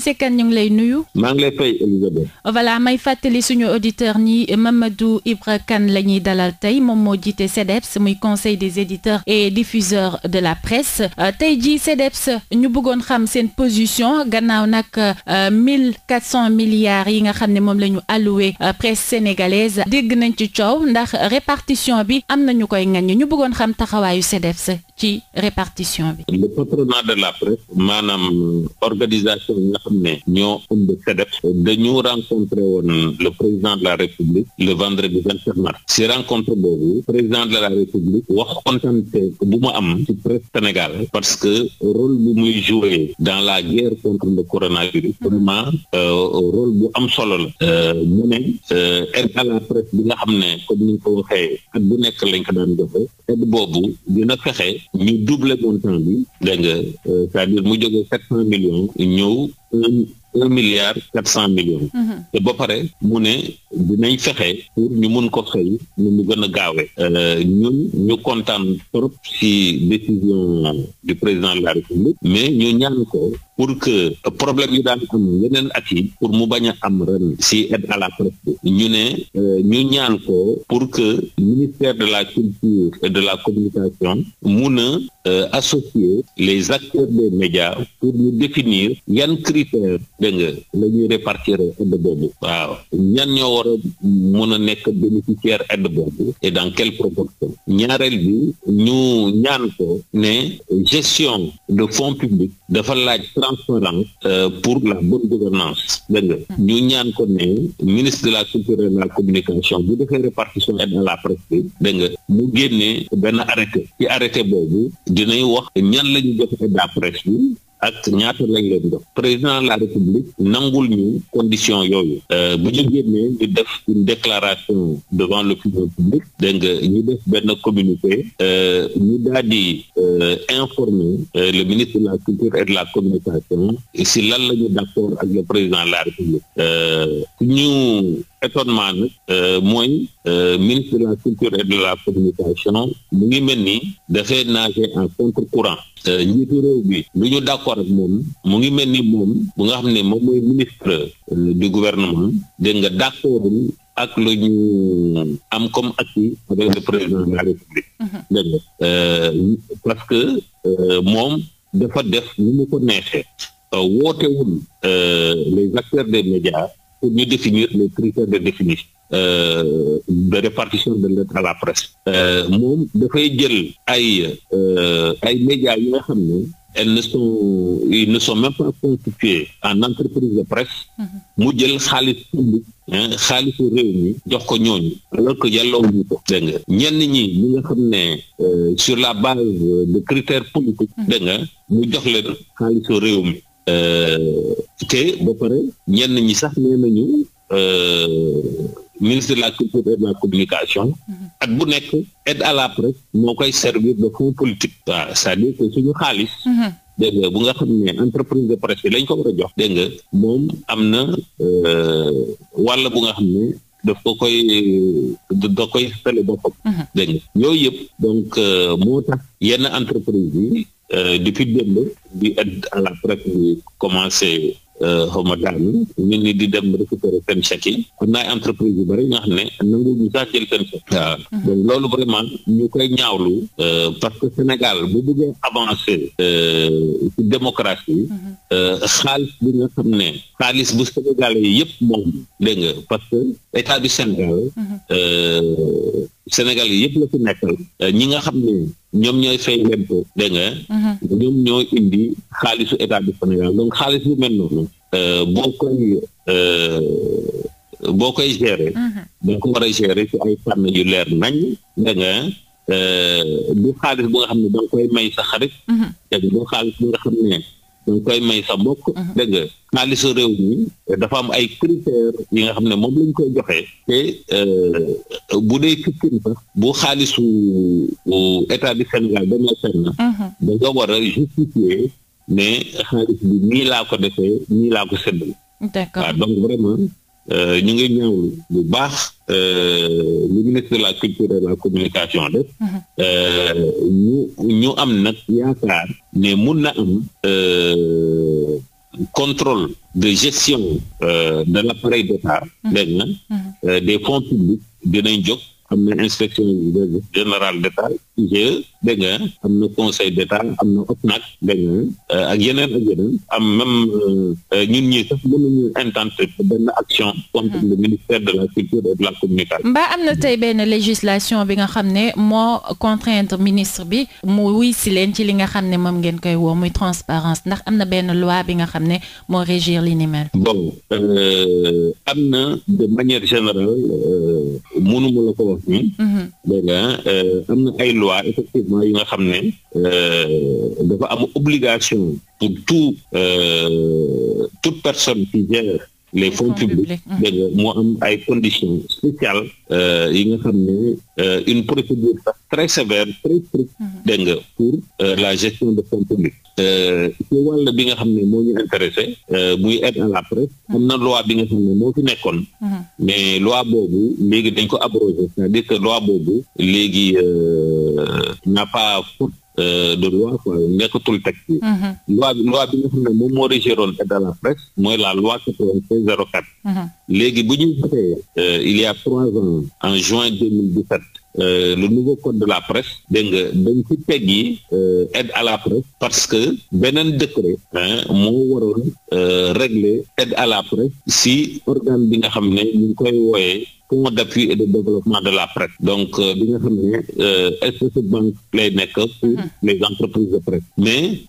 Monsieur Kane ñu ngi lay nuyu. maa ngi lay fay Elisabeth. voilà may fàttali suñu auditeur ni Mamadou Ibra kan la ñuy dalal tey moom moo jiite CDEPS muy conseil des éditeurs et diffuseurs de la presse euh, tey jii CDEPS ñu buggoon xam seen position gannaaw nag euh, mille quatre cent milliards yi nga xam ne moom la ñu alloué euh, presse sénégalaise dégg nañ ci coow ndax répartition bi am na ñu koy ŋaññi ñu buggoon xam taxawaayu CDEPS ci répartition bi. le patronat de la presse maanaam euh, organisation yi nga xam ne ñoo ëmb SEDEF dañu rencontré woon le président de la république le vendredi vingt sept mars si rencontre boobu président de la république wax kontante bu mu am ci presse Sénégal parce que rôle bu muy joué dans la guerre contre le coronavirus vraiment euh, rôle bu am solo la euh, mu ne aide à la presse bi nga xam ne comme ni nga ko waxee ak bu nekk lañ ko daan joxe aide boobu dina fexe ñu doubler montant bi dégg nga euh, cest dire mu jógee sept cent millions ñëw un un milliard quatre cent millions. Mhm. te ba pare mu ne dinañ fexe pour ñu mun ko fay nu mu gën a gaawee. Euh, ñun ñu kontaan trop ci décision du président de la république. mais ñu ñaan ko pour que problème yu daan am yeneen at yi pour mu bañ a am ren ci aide à la presse ñu ne euh, ñu ñaan ko pour que ministère de la culture et de la communication mun a euh, les acteurs des médias pour ñu définir yan critères dégg nga la ñuy répartir aide boobu waaw ñan ñoo war a mën a nekk bénéficiaire aide boobu et dans quelle proportion ñaareel bi ñu ñaan ko ne gestion de fonds publics dafa laaj transparence euh, pour la bonne gouvernance dégg nga ñu ñaan ko ne ministre de la culture et la communication bu defee répartition aide à la presse bi dégg mu génnee benn arrêté ci arrêté boobu dinañ wax ñan lañu jox état presse bi ak ñaata lañ leen jox président de la république nangul ñu condition yooyu euh, bu ñu génnee ñu def une déclaration devant l'opinion publique dégg nga ñu def benn communiqué euh, ñu di euh, informer le ministre de la culture et de la communication si lan la ñu d'accord ak le président de la république ñu étonnement nag euh, mooy euh, ministre de la culture et de la communication mu ngi mel ni dafay nager en contre courant euh, bi lu ñu d'accord ak moom mu ngi mel ni moom bu nga xam ne moom mooy ministre du gouvernement dégg nga d'accord ak lu ñu am comme acquis avec le président de la république mhm. parce que moom dafa def ni mu ko neexee wootewul les acteurs des médias pour ñu définir les critères de définition euh, de répartition de l'aide à la presse euh, moom dafay jël ay euh, ay médias nga xam ne elles ne sont ils ne sont même pas en entreprise de presse mm-hmm. mu jël xaalis public xaalisu jox ko ñooñu alors que yàlloo ko dégg nga ñenn ñi ñi nga xam ne euh, sur la base de critères politiques mm-hmm. dégg nga mu jox leen xaalisu réew mi te euh, ba pare ñenn ñi sax nee nañu euh, ministre de la culture et de la communication mm-hmm. at bu nekk aide à la presse moo koy servir de fonds politique waaw cest dire que suñu xaalis mm-hmm. dégg nga bu nga xam ne entreprise de presse lañ ko war a jox dégg nga moom am na euh, wàll bu nga xam ne daf ko koy da koy fële boppam mm-hmm. dégg nga yooyu yëpp donc moo tax yenn entreprise yi Euh, depuis démb di aide à la presse bi commencé euh, xaw ma daanu nit ñi di dem récupérer seen chèque yi am na ay entreprise yu bëri ñoo xam ne nangu ñu sax jël seen chèque waaw donc loolu vraiment ñu koy ñaawlu euh, parce que Sénégal bu bëggee avancer ci démocratie mhm. xaalis bi nga xam yëpp moom dégg parce que état du Sénégal mhm. Sénégal yi yëpp la fi nekkal euh, ñi nga xam ne ñoom ñooy fay lempo dégg mhm. ñoom ñoo indi xaalisu état du Sénégal donc xaalis bu mel noonu euh, boo koy euh, boo koy gérer mhm. da ko war a gérer ci ay fànn yu leer nañ dégg nga xaalis bu nga xam ne da nga koy may sa xarit mhm. dégg du xaalis bi nga xam ne nga koy may sa mbokk mhm. dégg nga xaalisu réew mi dafa am ay critères yi nga xam ne moom lañ koy joxee te euh, bu dee sikkin sax bu xaalisu état du Sénégal demee fenn mhm. da nga war justifier ne xaalis bi nii laa ko defee nii laa ko séddal d'accord donc vraiment Euh, ñu ngi ñaawlu bu baax euh, lu ministre de la culture de la communication def mhm. euh, ñu am nag yaakaar ne mun na am contrôle de gestion de l'appareil d'État mhm. mhm. des fonds publics dinañ jóg am na inspection générale d'État IGE dégg am na conseil d'État am na OFNAC dégg euh, ak yeneen ak yeneen am même euh, euh, ñun ñii sax mën nañu benn action contre mm-hmm. le ministère de la culture et la communication. mbaa am na tey benn législation bi nga xam ne moo contraindre ministre bi mu wuy si leen ci li nga xam ne moom ngeen koy woo muy transparence ndax am na benn loi bi nga xam ne moo régir li ni mel. bon am na de manière générale mënuma la ko suuf mi mhm. dégg nga euh, am na ay loi effectivement yi nga xam ne euh, dafa am obligation pour tout euh, toute personne qui gère les fonds publics dégg nga moo am ay conditions spéciales euh, yi nga xam ne euh, une procédure sax très sévère très stricte mhm. dégg pour euh, la gestion de fonds publics ci wàll bi nga xam ne moo ñu intéressé muy aide à la presse mhm. am na loi bi nga xam ne moo fi nekkoon mhm. mais loi boobu léegi dañ ko abrogé cest dire que loi boobu léegi n'a pas Euh, de loi quoi nekkatul texte bi. Mhm. loi bi loi bi nga xam ne moom moo régéroon de la presse mooy la loi 96 04. Mhm. léegi bu ñu jotee euh, il y a trois ans en juin Euh, le nouveau code de la presse dégg nga dañ ci peg yi euh, aide à la presse parce que beneen décret moo waroon euh, régler aide à la presse si organe bi nga xam ne ñu ngi koy wooyee fonds d'appui de développement de la presse donc bi nga xam ne espèce banque lay nekk pour mm-hmm. les entreprises de presse mais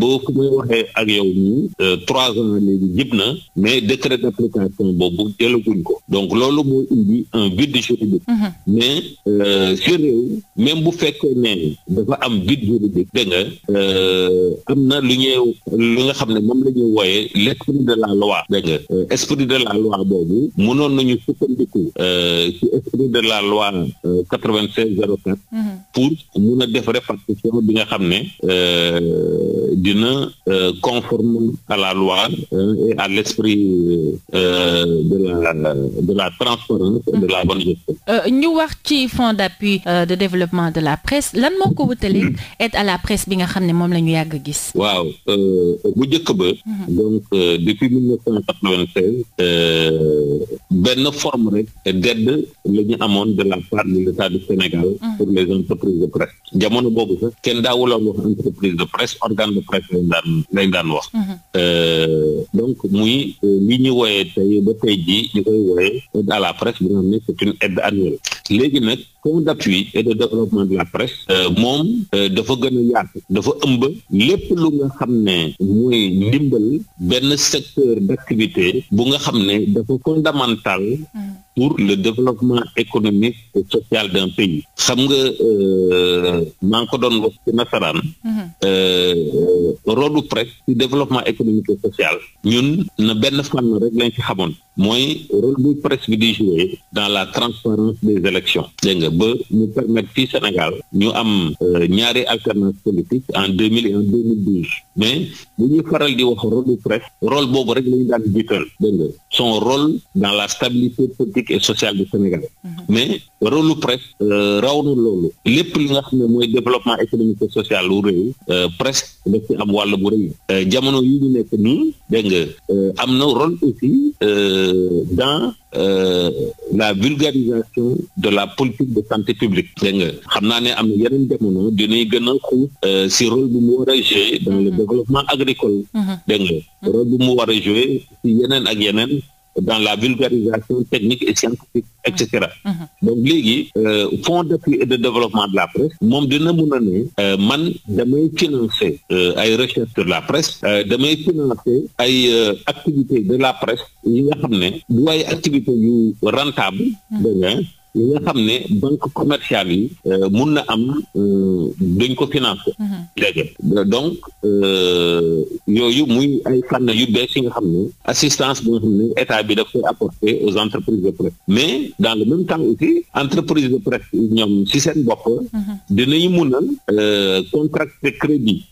boo ku may waxee ak yow nii trois ans léegi jib na mais décret d'application boobu jëlaguñ ko donc loolu moo indi un vide juridique mm-hmm. mais ci réew même bu fekkee ne dafa am vide juridique dégg nga euh, am na lu ñuy lu nga xam ne moom la ñuy wooyee l' esprit de la loi dégg euh, esprit de la loi boobu mënoon nañu sukkandiku euh, ci esprit de la loi quatre vingt seize zéro quatre mhm. pour mun a def répartition bi nga xam ne dina conforme à la loi et à l' de la transparence de la bonne gestion wax ci fond plan d'appui euh, de développement de la presse lan moo ko wutaleeg mm-hmm. aide à la presse bi nga xam ne moom la ñu a gis waaw euh, bu njëkk ba mm-hmm. donc euh, depuis mille neuf cent quatre-vingt-seize benn forme rek d'aide la ñu amoon de la part de l'État du Sénégal mm-hmm. pour les entreprises de presse jamono boobu sax kenn daawuloon wax entreprise de presse organe de presse lañ daan wax donc muy li ñu wooyee tey ba tey ji ñu koy wooyee aide à la presse bi nga xam ne c'est une aide annuelle léegi nag fonds d'appui et de développement de la presse euh, moom euh, dafa gën a yaatu dafa ëmb lépp lu nga xam ne muy ndimbal benn secteur d'activité bu nga xam ne dafa fondamental mm. pour le développement économique social d'un pays. xam nga euh, maa ngi ko doon wax ci nasaraan. Mhm. Euh, rôle lu presse ci développement économique et social. ñun na benn fànn rek lañ ci xamoon. mooy rôle bu presse bi di jouer dans la transparence des élections dégg nga ba mu permettre fii Sénégal ñu am euh, ñaari alternance politique en deux mille mais bu ñuy faral di wax rôle lu presse rôle boobu rek ñu daan jiital dégg son rôle dans la stabilité politique. économique et sociale des Sénégalais. mais rôle lu presse euh, raw na loolu lépp li nga xam ne mooy développement économique et social lu réew euh, presse daf am wàll bu rëy euh, jamono yi ñu nekk nii dégg nga am na rôle aussi dans la vulgarisation de la politique de santé publique dégg xam naa ne am na yeneen jamono dinañ gën a si rôle bu mu war a dans le mhm. développement agricole mhm. dégg nga rôle mu war a si yeneen ak yeneen dans la vulgarisation technique et scientifique et cetera mm-hmm. Mm-hmm. donc léegi euh, fonds d'appui et de développement de la presse moom dina mu a ne euh, man damay financer euh, ay recherche sur la presse damay financer ay activité de la presse yi nga xam ne du activité activités yu rentable mm-hmm. li nga xam ne banque commerciale yi euh, mun na am euh, duñ ko financer léegi mhm. donc euh, yooyu muy ay fànn yu bees yi nga xam ne assistance bi nga xam ne état bi daf apporter aux entreprises de presse mais dans le même temps aussi entreprise de presse ñoom ci seen bopp mhm. dinañu mun a contracter crédit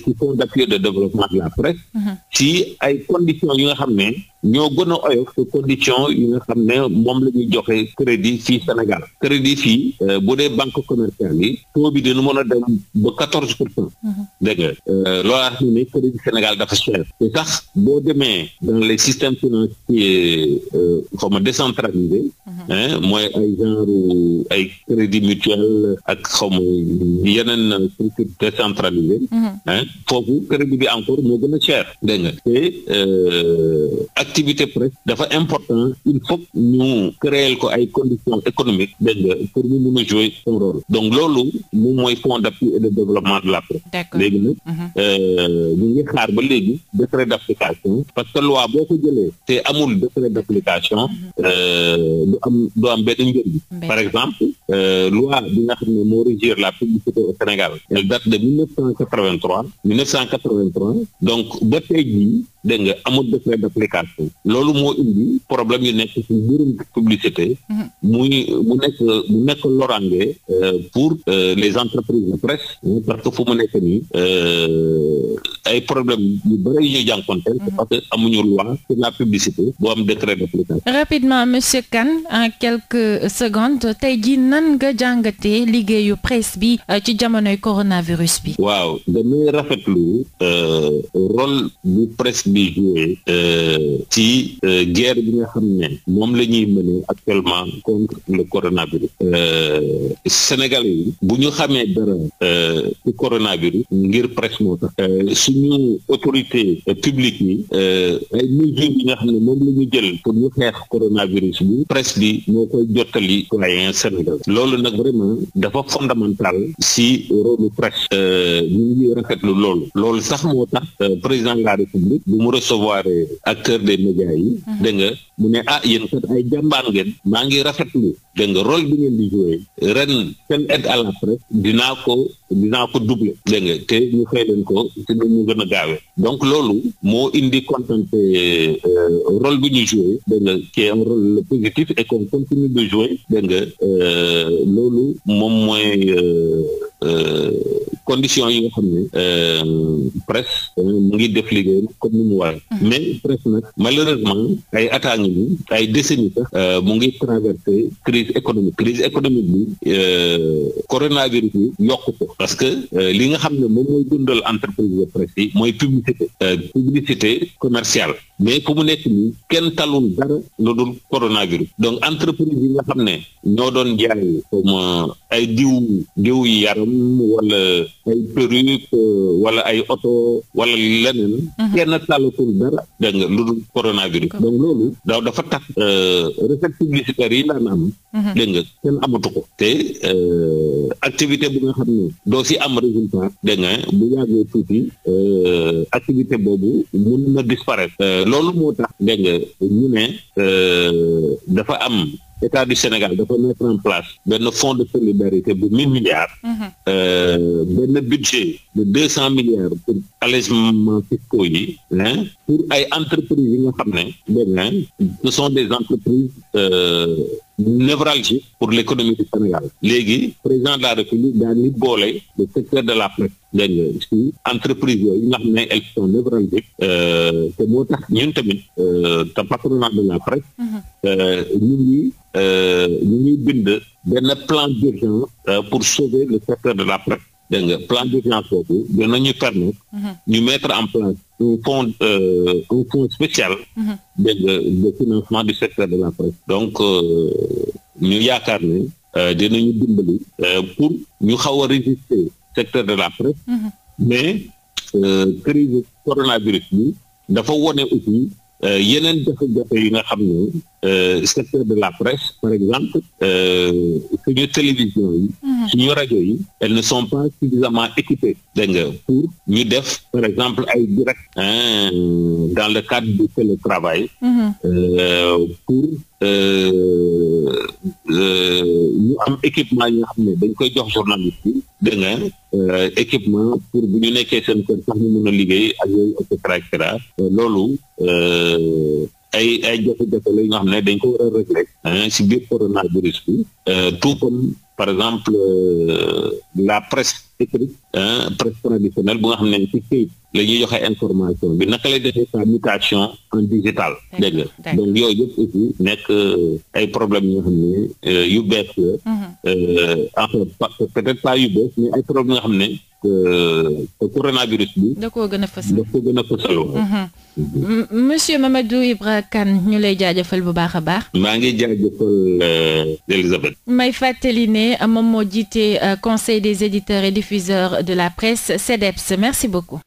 ci fonds d'appui de développement de la presse mhm. ci ay conditions yi nga xam ne ñoo gën a oyof condition yi nga xam ne moom la ñuy joxe crédit fii Sénégal crédit fii euh, bu dee banque commerciale yi taux bi dina mën a dem ba quatorze pour cent mm-hmm. dégg nga euh, loolaa xam ne crédit Sénégal dafa cher te sax boo demee dans les systèmes financiers euh, xaw ma décentralisé mm-hmm. mooy ay genre ay crédit mutuel ak xaw ma yeneen structure décentralisé mm-hmm. foofu crédit bi encore moo gën a cher dégg nga te activité presse dafa important il faut ñu créer ko ay conditions économiques dégg nga pour ñu mun a jouer son rôle donc loolu mooy fonds d'appui et de développement de la presse léegi nag mhm. euh, ñu ngi xaar ba léegi décret d'application parce que loi boo ko jëlee te amul décret d'application mhm. euh, du am du am benn njëriñ par exemple euh, loi bi nga xam ne moo régir la publicité au Sénégal elle date de donc ba tey jii dégg nga amul décret d'application loolu moo indi problème yu nekk ci mbirum publicité mhm. muy mu nekk mu nekk lorange euh, pour euh, les entreprises de parce que fu mu nekk nii euh, ay problème yu bëri yu ñuy jànkonteel mm-hmm. parce amuñu loi sur la publicité boo am décret d'application rapidement monsieur en quelques secondes tey jii nan nga jàngatee liggéeyu presse bi euh, ci jamonoy coronavirus bi waaw dañuy rafetlu euh, rôle bu presse bi joué euh, ci guerre bi nga xam ne moom la ñuy mener actuellement contre le coronavirus Sénégal yi bu ñu xamee dara ci coronavirus ngir presse moo tax suñu autorité euh, publique yi euh, ay mesures yi nga xam ne moom la ñu jël pour ñu xeex coronavirus bi presse bi moo koy jottali citoyen Sénégal loolu nag vraiment dafa fondamental si rôle presse euh, ñu ngi rafetlu loolu loolu sax moo tax président de la république bu mu recevoir acteurs des médias yi mhm. dégg nga mu ne ah yéen kat ay jàmbaar ngeen maa ngi rafetlu dégg nga rôle bi ngeen di joué ren seen aide à la presse dinaa ko dinaa ko doubler dégg te ñu fay leen ko si gën a gaawee donc loolu moo indi kontante euh, role bu ñuy joué dégg nga qui est un rôle positif et qu'on continue de jouer dégg nga euh, loolu moom mooy euh, condition yi nga xam ne presse mu ngi def liggéeyam comme ni mu waree mm-hmm. mais presse nag malheureusement ay attaques yi ay décennies sax mu ngi traversé crise économique crise économique bi coronavirus bi yokk ko parce que li nga xam ne moom mooy dundal entreprise de presse bi mooy publicité euh, publicité commerciale mais ku mu nekk nii kenn talul dara lu dul coronavirus donc entreprise yi nga xam ne ñoo doon jaay comme ay diw diw yaram wala ay perruque euh, wala ay oto wala leneen mhm. kenn talatul dara dégg nga lu dul coronavirus donc loolu dafa tax euh, recettes publicitaires yi daan am mhm. dégg nga kenn amatu ko te activité bu nga xam ne doo si am résultat dégg bu yàggee tuuti Euh, activité boobu mun na disparaître euh, loolu moo tax dégg nga ñu ne euh, dafa am état du Sénégal dafa mettre en place benn fonds de solidarité bu mille milliards mhm. benn budget de deux cent milliards pour allègements fiscaux yi pour ay entreprises yi nga xam ne dégg nga des entreprises névralgique pour l' économie du Sénégal léegi président de la République daal boole le secteur de la presse dégg nga si entreprise yooyu nga xam ne elles sont névralgiques euh, te moo tax ñun tamit euh, te patronat de la presse mhm. euh, ñu ngi ñu ngi bind benn plan d' pour sauver le secteur de la presse dégg nga plan d' urgence boobu dinañu permettre mhm. ñu mettre en place un fonds euh, un fonds spécial mm de, euh, de financement du secteur de la presse donc euh, ñu yaakaar ne euh, dinañu dimbali pour ñu xaw a secteur de la presse mm mais crise coronavirus bi dafa wone aussi Euh, yeneen jafe-jafe yi nga xam ne euh, secteur de la presse par exemple euh, suñu télévision yi mhm. suñu rajo yi elles ne sont pas suffisamment équipées dégg pour ñu def par exemple ay direct dans le cadre du télétravail mhm. pour Euh, ñu am équipement yi nga xam ne dañ koy jox journaliste yi dégg nga euh, équipement pour bu ñu nekkee seen kër sax ñu mën a liggéey ak yooyu et cetera et euh, loolu ay ay jafe-jafe la nga xam ne dañ ko war a régler si biir coronavirus bi tout comme par exemple la presse écrite presse traditionnelle bu nga xam ne ci këyit la ñuy joxe information bi naka lay defee sa mutation en digital dégg donc yooyu yëpp aussi nekk euh, ay problème yoo xam ne euh, yu bees la mhm. euh, en fait peut-être pas yu bees mais ay yoo xam ne te coronavirus bi da koo gën a fësal da koo gën a fësal mhm. Mhm. monsieur Mamadou Ibra Kane ñu lay jaajëfal bu baax a baax maa ngi jaajëfal Elisabeth may fàttali ne moom moo jiite conseil des éditeurs et diffuseurs de la presse CEDEPS merci beaucoup